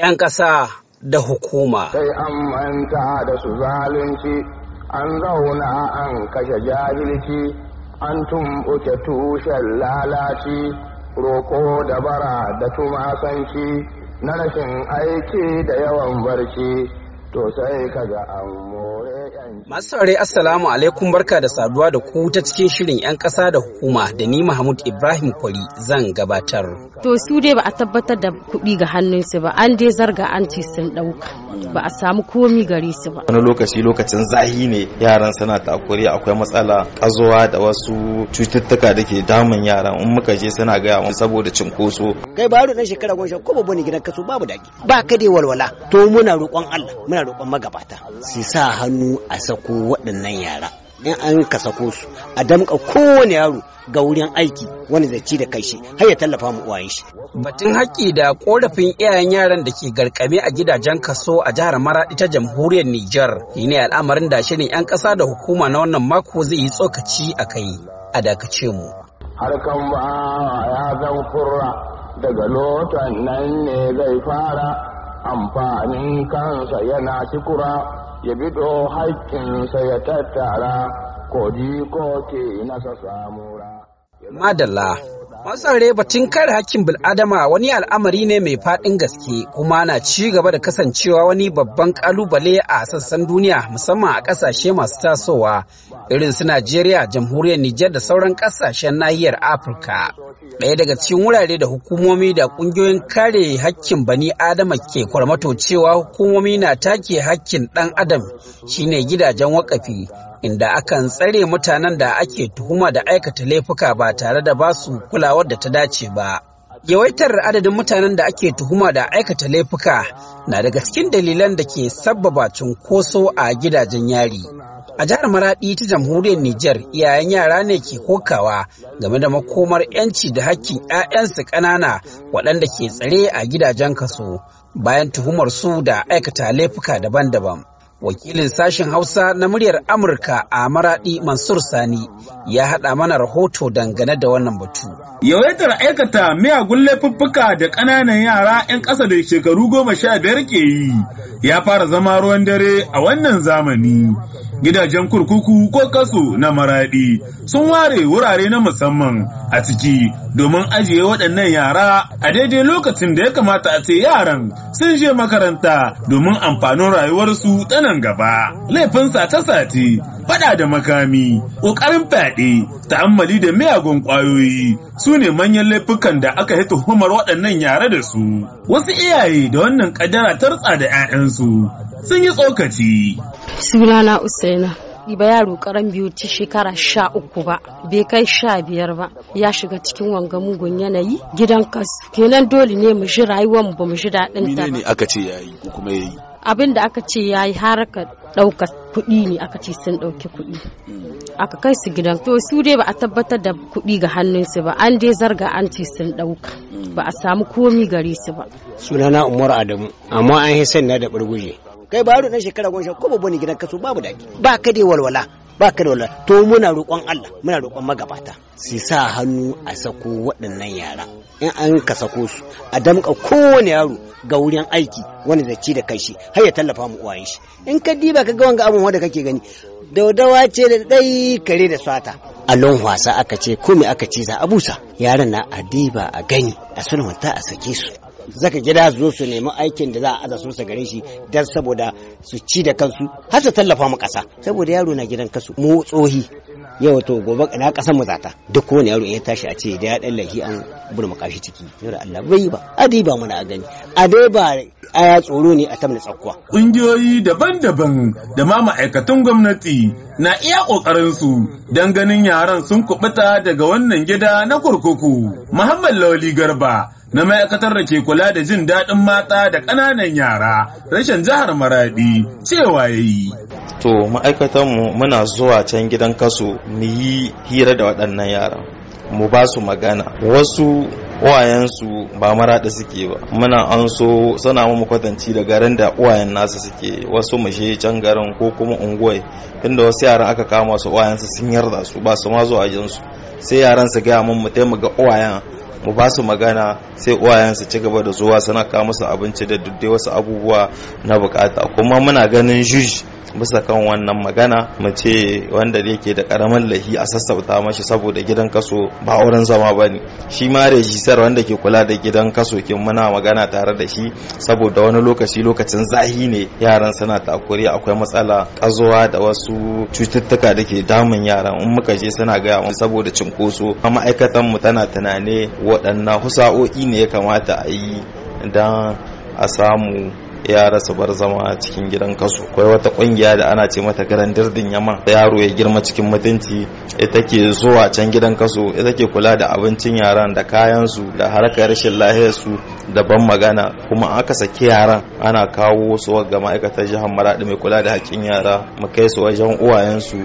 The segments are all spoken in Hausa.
'yan ƙasa da hukuma. Sai an manta da su zalunci, an zauna an kashe jahilci, an tumɓuke tushen lalaci, roƙo da bara da tumasanci, na rashin aiki da yawan barci, to sai kaga an more. Masu saurare Assalamu alaikum barka da saduwa da ku ta cikin shirin 'yan ƙasa da hukuma da ni Mahmud Ibrahim Kwari zan gabatar. To su dai ba a tabbatar da kuɗi ga hannunsu ba an dai zarga an ce sun ɗauka ba a samu komi gare su ba. Wani lokaci lokacin zahi ne yaran suna takuri akwai matsala ƙazuwa da wasu cututtuka da ke damun yaran in muka je suna gaya mu saboda cinkoso. Kai ba na shekara goma sha ko babban gidan kaso babu daki ba ka dai walwala to muna roƙon Allah muna roƙon magabata su sa hannu a sako waɗannan yara in an ka sako su a damƙa kowane yaro ga wurin aiki wani da ci da kai shi har ya tallafa mu uwayen shi. Batun haƙƙi da ƙorafin iyayen yaran da ke garkame a gidajen kaso a jihar Maraɗi ta jamhuriyar Nijar ne al'amarin da shirin 'yan ƙasa da hukuma na wannan mako zai yi tsokaci a kai a dakace mu. Harkan ba ya zan kurra daga lotan nan ne zai fara amfanin kansa yana shukura, ya bido haƙƙinsa ya tattara ko ko ke nasa samura. Madalla, reba batun kare hakkin bil'adama wani al'amari ne mai faɗin gaske kuma na ci gaba da kasancewa wani babban ƙalubale a sassan duniya musamman a ƙasashe masu tasowa irin su Najeriya, jamhuriyar Nijar da sauran ƙasashen nahiyar Afirka. Daya daga cikin wurare da hukumomi da ƙungiyoyin kare hakkin bani adama ke kwarmato cewa hukumomi na take hakkin ɗan adam shine gidajen wakafi inda akan tsare mutanen da ake tuhuma da aikata laifuka ba tare da ba su kulawar da ta dace ba yawaitar adadin mutanen da ake tuhuma da aikata laifuka na daga cikin dalilan da ke sabbaba cunkoso a gidajen yari A jihar Maradi ta jamhuriyar Nijar iyayen yara ne ke kokawa game da makomar 'yanci da hakkin 'ya'yansu ƙanana waɗanda ke tsare a gidajen kaso bayan tuhumar su da aikata laifuka daban-daban. Wakilin sashen Hausa na muryar Amurka a Maradi Mansur Sani ya haɗa mana rahoto dangane da wannan batu. Yawaitar aikata miyagun laifuffuka da ƙananan yara 'yan ƙasa da shekaru goma sha biyar ke yi ya fara zama ruwan dare a wannan zamani. gidajen kurkuku ko kaso na maraɗi sun ware wurare na musamman a ciki domin ajiye waɗannan yara a daidai lokacin da ya kamata a ce yaran sun je makaranta domin amfanin rayuwarsu ta nan gaba laifin sata sati fada da makami ƙoƙarin fyaɗe ta'ammali da miyagun ƙwayoyi su ne manyan laifukan da aka yi tuhumar waɗannan yara da su wasu iyaye da wannan ƙaddara tartsa da 'ya'yansu sun yi tsokaci sunana usaina ba yaro karan biyu ta shekara sha uku ba bai kai sha biyar ba ya shiga cikin wanga mugun yanayi gidan kasu kenan dole ne mu ji rayuwar mu ba mu ji daɗin ta ne aka ce yayi ko kuma yayi abin da aka ce yayi haraka ɗaukar kuɗi ne aka ce sun ɗauki kuɗi hmm. aka kai su gidan to su dai ba a tabbatar da kuɗi ga hannunsu ba an dai zarga an ce sun ɗauka hmm. ba a samu komi gare su ba sunana umar adamu amma an hisan na da burguje kai ba yaro shekara goma sha ko babban gidan kaso babu daki ba ka dai walwala ba ka da walwala to muna roƙon Allah muna roƙon magabata su sa hannu a sako waɗannan yara in an ka sako su a damƙa kowane yaro ga wurin aiki wani da ci da kai shi har ya tallafa mu uwayen shi in ka diba ka ga wanga abun wanda kake gani daudawa ce da dai kare da sata allon wasa aka ce ko aka ci za a busa yaran na a diba a gani a ta a sake su zaka gida su zo su nemi aikin da za a aza su gare shi dan saboda su ci da kansu har su tallafa mu kasa saboda yaro na gidan kasu mu tsohi yau to gobe na kasa mu zata duk kowane yaro ya tashi a ce da ya dallahi an burmuka shi ciki da Allah bai ba adi ba muna gani ade ba aya tsoro ne a tamna tsakkuwa kungiyoyi daban-daban da ma ma'aikatan gwamnati na iya kokarin su dan ganin yaran sun kubuta daga wannan gida na kurkuku Muhammad Lawli Garba na ma'aikatar da ke kula da jin daɗin mata da ƙananan yara rashin jihar Maradi cewa ya yi. To ma'aikatanmu muna zuwa can gidan kaso mu yi hira da waɗannan yara. Mu ba su magana. Wasu uwayensu ba maraɗa suke ba muna an so sana mu kwatanci da garin da uwayen nasu suke wasu mu can garin ko kuma unguwai inda wasu yaran aka kama su uwayensu sun yarda su ba su ma zuwa ajinsu sai yaran su gaya mun mu taimaka ga mu ba su magana sai uwayen su ci gaba da zuwa suna kawo musu abinci da duk wasu abubuwa na bukata kuma muna ganin juji bisa kan wannan magana mu ce wanda yake da karamin lahi a sassauta mashi saboda gidan kaso ba wurin zama ba ne shi ma rejisar wanda ke kula da gidan kaso kin muna magana tare da shi saboda wani lokaci lokacin zahi ne yaran suna takuri akwai matsala kazuwa da wasu cututtuka da ke damun yaran in muka je suna gaya mu saboda cinkoso ma'aikatan mu tana tunane waɗannan husa'o'i ne ya kamata a yi don a samu ya rasa bar zama cikin gidan kaso akwai wata kungiya da ana ce mata garandirdin yama yaro ya girma cikin mutunci ita ke zuwa can gidan kaso ita ke kula da abincin yaran da kayan su da harkar rashin lahiyar su da ban magana kuma aka saki yaran ana kawo su ga ma'aikatar jihar maradi mai kula da hakkin yara mu kai su wajen uwayen su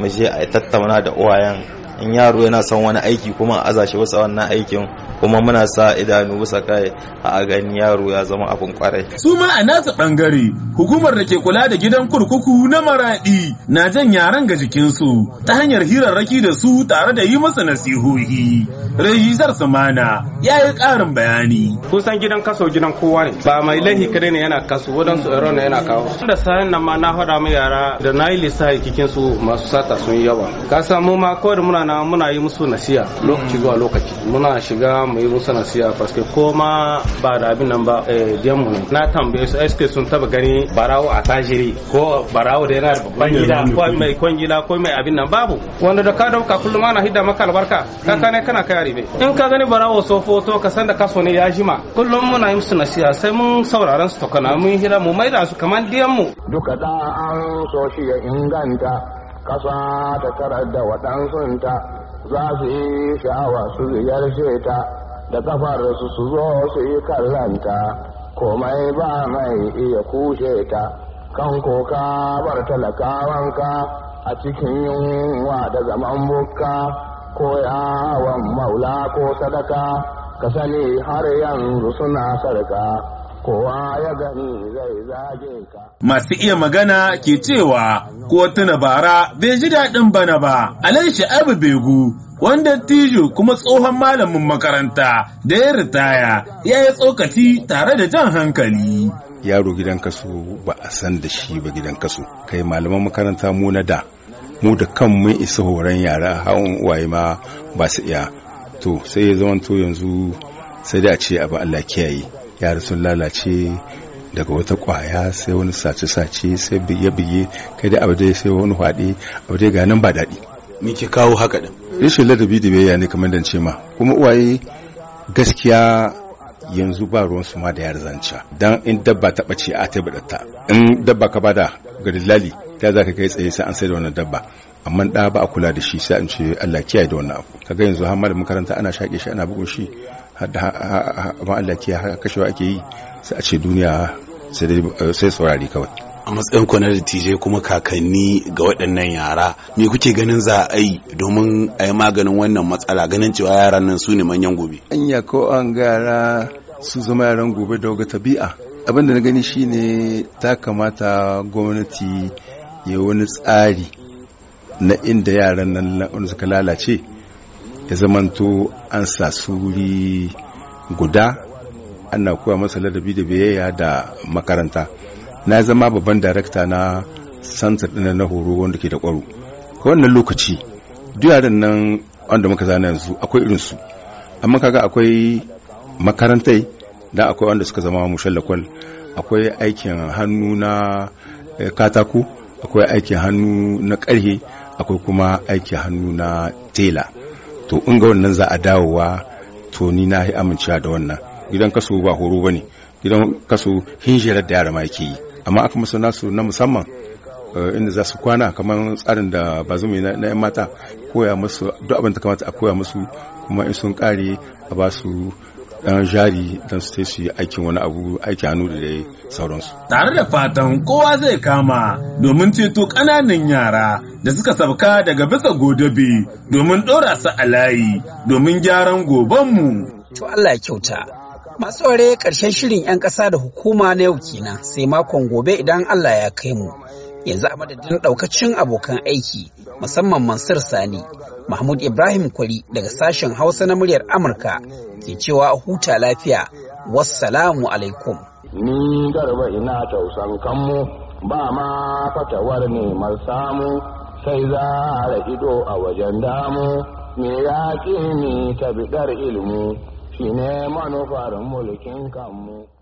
mu je a tattauna da uwayen in yaro yana son wani aiki kuma a aza shi wasu wannan aikin kuma muna sa idanu bisa kai a gani yaro ya zama abin kwarai su ma a nata bangare hukumar da ke kula da gidan kurkuku na maradi na jan yaran ga jikinsu ta hanyar raki da su tare da yi masa nasihohi rajisar samana ya yi karin bayani kusan gidan kaso gidan kowa ne ba mai laihi kadai ne yana kaso wadansu ne yana kawo da sayan nan ma na hada mu yara da na yi lissafi kikin su masu sata sun yawa ka samu ma ko da muna na muna yi musu nasiya lokaci zuwa lokaci muna shiga mu yi musana siya paske ko ma ba da abin nan ba eh, diyan mu na tambaye su eske sun taba gani barawo a tajiri ko barawo da yana babban gida ko mai kon gida ko mai abin nan babu wanda da ka dauka kullum ana hidda maka albarka ka kana mm. kana kai ribe in ka gani barawo so foto ka san da kaso ne ya jima kullum muna yi musu nasiya sai mun sauraron su tokana mun hira mu maida su kamar diyan mu duka da an so shi ya inganta kasa ta karar da waɗansunta za su yi sha'awa su ziyarce ta da kafarsu su zo su yi kallanta komai ba mai iya kushe ta kan koka bar talakawanka a cikin yunwa da zaman bukka ko yawon maula ko sadaka ka sani har yanzu suna sarka. Masu iya magana ke cewa ko tuna bara bai ji daɗin bana ba, alai sha'abu begu. Wanda tijo kuma tsohon malamin makaranta da ya ritaya ya yi tsokaci tare da jan hankali. Yaro gidan kaso ba a san da shi ba gidan kaso, kai malaman makaranta mu na da, mu da kan mun isa horon yara hawan uwaye ma ba su iya. To sai ya zamanto yanzu sai da a ce abu Allah kiyaye. yara sun lalace daga wata kwaya sai wani sace-sace sai biye-biye kai da abu sai wani hwaɗe abu dai ganin ba daɗi me ke kawo haka din rashin ladabi da biyayya ne kamar dance ma kuma uwaye gaskiya yanzu ba ruwan su ma da yar zanca dan in dabba ta bace a ta badatta in dabba ka bada ga dillali ta zaka kai tsaye sai an sai da wannan dabba amma da ba a kula da shi sai an ce Allah kiyaye da wannan abu kaga yanzu har malamin makaranta ana shaƙe shi ana bugun shi Allah ke kashewa ake yi sai a ce duniya sai eh, saurari kawai a matsayin ku da dattijai kuma kakanni ga waɗannan yara me kuke ganin za a yi domin a yi maganin wannan matsala ganin cewa yaran nan su ne manyan gobe anya ko an gara su zama yaran gobe da tabi'a abin da na gani shine ta kamata gwamnati ya wani tsari na inda yaran nan suka lalace ya zamanto an sa suri guda ana koya masa ladabi da biyayya da makaranta na zama babban darakta na santar ɗin na horo wanda ke da kwaro wannan lokaci duk yaran nan wanda muka zana yanzu akwai irin su amma kaga akwai makarantai da akwai wanda suka zama mushallakwal akwai aikin hannu na eh, katako akwai aikin hannu na ƙarhe akwai kuma aikin hannu na tela to in ga wannan za a dawowa to ni na yi amincewa da wannan gidan kaso ba horo ba gidan kaso hinjirar da yara ma yake yi amma aka musu nasu na musamman eh, inda za su kwana kamar tsarin da ba zumi na yan mata koya musu duk abin da kamata a koya musu kuma in sun kare a ba su dan jari dan su su aikin wani abu aiki hannu da dai sauransu tare da fatan kowa zai kama domin ceto ƙananan yara da suka sabka daga bisa godabe domin ɗora su a layi domin gyaran gobanmu to Allah ya kyauta masu ƙarshen shirin 'yan ƙasa da hukuma na yau kenan sai makon gobe idan Allah ya kai mu yanzu a madadin daukacin abokan aiki musamman mansur sani mahmud ibrahim kwari daga sashen hausa na muryar amurka ke cewa huta lafiya wassalamu alaikum ni garba ina tausan kanmu ba ma fatawar neman samu sai za a ido a wajen damu me ya ni tabidar ilimi ilmu shine manufar mulkin kanmu